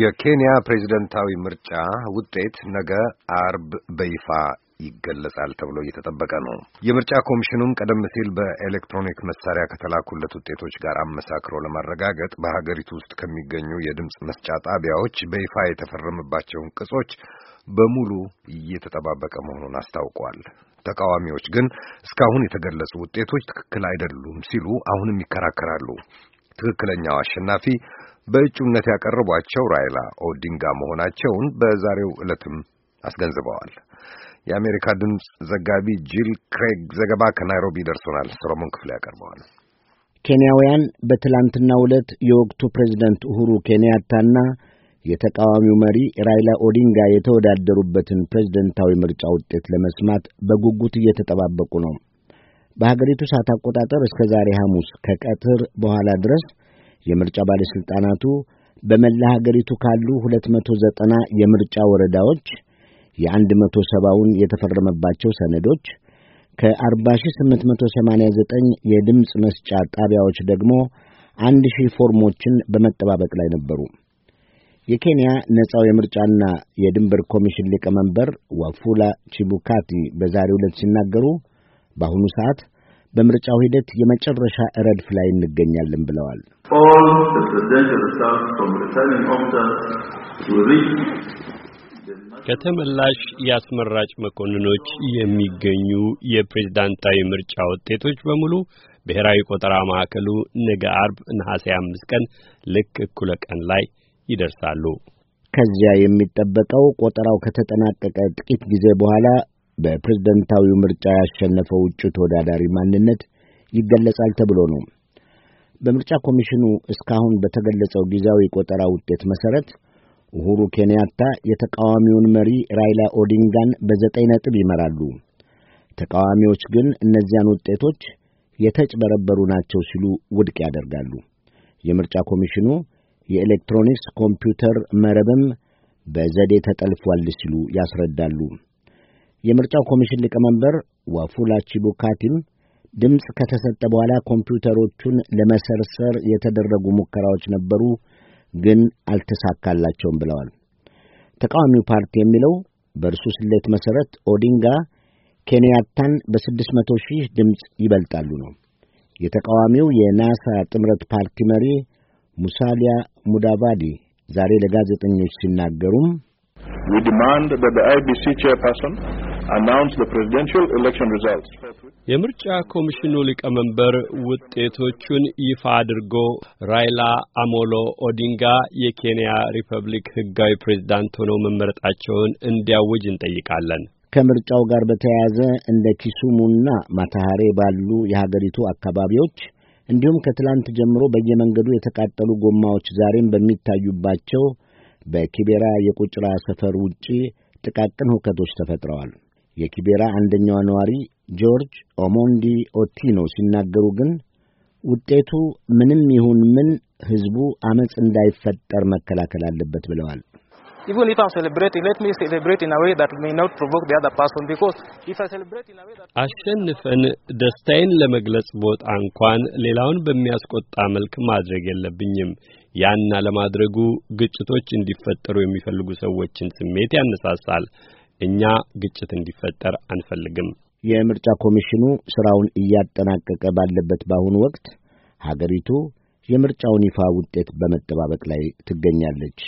የኬንያ ፕሬዝደንታዊ ምርጫ ውጤት ነገ አርብ በይፋ ይገለጻል ተብሎ እየተጠበቀ ነው። የምርጫ ኮሚሽኑም ቀደም ሲል በኤሌክትሮኒክ መሳሪያ ከተላኩለት ውጤቶች ጋር አመሳክሮ ለማረጋገጥ በሀገሪቱ ውስጥ ከሚገኙ የድምፅ መስጫ ጣቢያዎች በይፋ የተፈረመባቸውን ቅጾች በሙሉ እየተጠባበቀ መሆኑን አስታውቋል። ተቃዋሚዎች ግን እስካሁን የተገለጹ ውጤቶች ትክክል አይደሉም ሲሉ አሁንም ይከራከራሉ። ትክክለኛው አሸናፊ በእጩነት ያቀረቧቸው ራይላ ኦዲንጋ መሆናቸውን በዛሬው ዕለትም አስገንዝበዋል። የአሜሪካ ድምፅ ዘጋቢ ጂል ክሬግ ዘገባ ከናይሮቢ ደርሶናል። ሰሎሞን ክፍሌ ያቀርበዋል። ኬንያውያን በትላንትናው ዕለት የወቅቱ ፕሬዚደንት ኡሁሩ ኬንያታና የተቃዋሚው መሪ ራይላ ኦዲንጋ የተወዳደሩበትን ፕሬዝደንታዊ ምርጫ ውጤት ለመስማት በጉጉት እየተጠባበቁ ነው። በሀገሪቱ ሰዓት አቆጣጠር እስከ ዛሬ ሐሙስ ከቀትር በኋላ ድረስ የምርጫ ባለሥልጣናቱ በመላ ሀገሪቱ ካሉ 290 የምርጫ ወረዳዎች የ170ውን የተፈረመባቸው ሰነዶች ከ40889 የድምፅ መስጫ ጣቢያዎች ደግሞ 1000 ፎርሞችን በመጠባበቅ ላይ ነበሩ። የኬንያ ነጻው የምርጫና የድንበር ኮሚሽን ሊቀመንበር ዋፉላ ቺቡካቲ በዛሬው ዕለት ሲናገሩ በአሁኑ ሰዓት በምርጫው ሂደት የመጨረሻ ረድፍ ላይ እንገኛለን ብለዋል። ከተመላሽ የአስመራጭ መኮንኖች የሚገኙ የፕሬዝዳንታዊ ምርጫ ውጤቶች በሙሉ ብሔራዊ ቆጠራ ማዕከሉ ነገ አርብ ነሐሴ አምስት ቀን ልክ እኩለ ቀን ላይ ይደርሳሉ። ከዚያ የሚጠበቀው ቆጠራው ከተጠናቀቀ ጥቂት ጊዜ በኋላ በፕሬዝደንታዊው ምርጫ ያሸነፈው እጩ ተወዳዳሪ ማንነት ይገለጻል ተብሎ ነው። በምርጫ ኮሚሽኑ እስካሁን በተገለጸው ጊዜያዊ ቆጠራ ውጤት መሠረት ኡሁሩ ኬንያታ የተቃዋሚውን መሪ ራይላ ኦዲንጋን በዘጠኝ ነጥብ ይመራሉ። ተቃዋሚዎች ግን እነዚያን ውጤቶች የተጭበረበሩ ናቸው ሲሉ ውድቅ ያደርጋሉ። የምርጫ ኮሚሽኑ የኤሌክትሮኒክስ ኮምፒውተር መረብም በዘዴ ተጠልፏል ሲሉ ያስረዳሉ። የምርጫው ኮሚሽን ሊቀመንበር ዋፉላ ቺቡካቲም ድምፅ ከተሰጠ በኋላ ኮምፒውተሮቹን ለመሰርሰር የተደረጉ ሙከራዎች ነበሩ፣ ግን አልተሳካላቸውም ብለዋል። ተቃዋሚው ፓርቲ የሚለው በእርሱ ስሌት መሠረት ኦዲንጋ ኬንያታን በስድስት መቶ ሺህ ድምፅ ይበልጣሉ ነው። የተቃዋሚው የናሳ ጥምረት ፓርቲ መሪ ሙሳሊያ ሙዳቫዲ ዛሬ ለጋዜጠኞች ሲናገሩም የምርጫ ኮሚሽኑ ሊቀመንበር ውጤቶቹን ይፋ አድርጎ ራይላ አሞሎ ኦዲንጋ የኬንያ ሪፐብሊክ ህጋዊ ፕሬዝዳንት ሆነው መመረጣቸውን እንዲያውጅ እንጠይቃለን። ከምርጫው ጋር በተያያዘ እንደ ኪሱሙና ማታሃሬ ባሉ የሀገሪቱ አካባቢዎች እንዲሁም ከትላንት ጀምሮ በየመንገዱ የተቃጠሉ ጎማዎች ዛሬም በሚታዩባቸው በኪቤራ የቁጭራ ሰፈር ውጪ ጥቃቅን ሁከቶች ተፈጥረዋል። የኪቤራ አንደኛዋ ነዋሪ ጆርጅ ኦሞንዲ ኦቲኖ ሲናገሩ ግን ውጤቱ ምንም ይሁን ምን ሕዝቡ አመፅ እንዳይፈጠር መከላከል አለበት ብለዋል። አሸንፈን ደስታዬን ለመግለጽ ቦታ እንኳን ሌላውን በሚያስቆጣ መልክ ማድረግ የለብኝም። ያና ለማድረጉ ግጭቶች እንዲፈጠሩ የሚፈልጉ ሰዎችን ስሜት ያነሳሳል። እኛ ግጭት እንዲፈጠር አንፈልግም። የምርጫ ኮሚሽኑ ሥራውን እያጠናቀቀ ባለበት በአሁኑ ወቅት ሀገሪቱ የምርጫውን ይፋ ውጤት በመጠባበቅ ላይ ትገኛለች።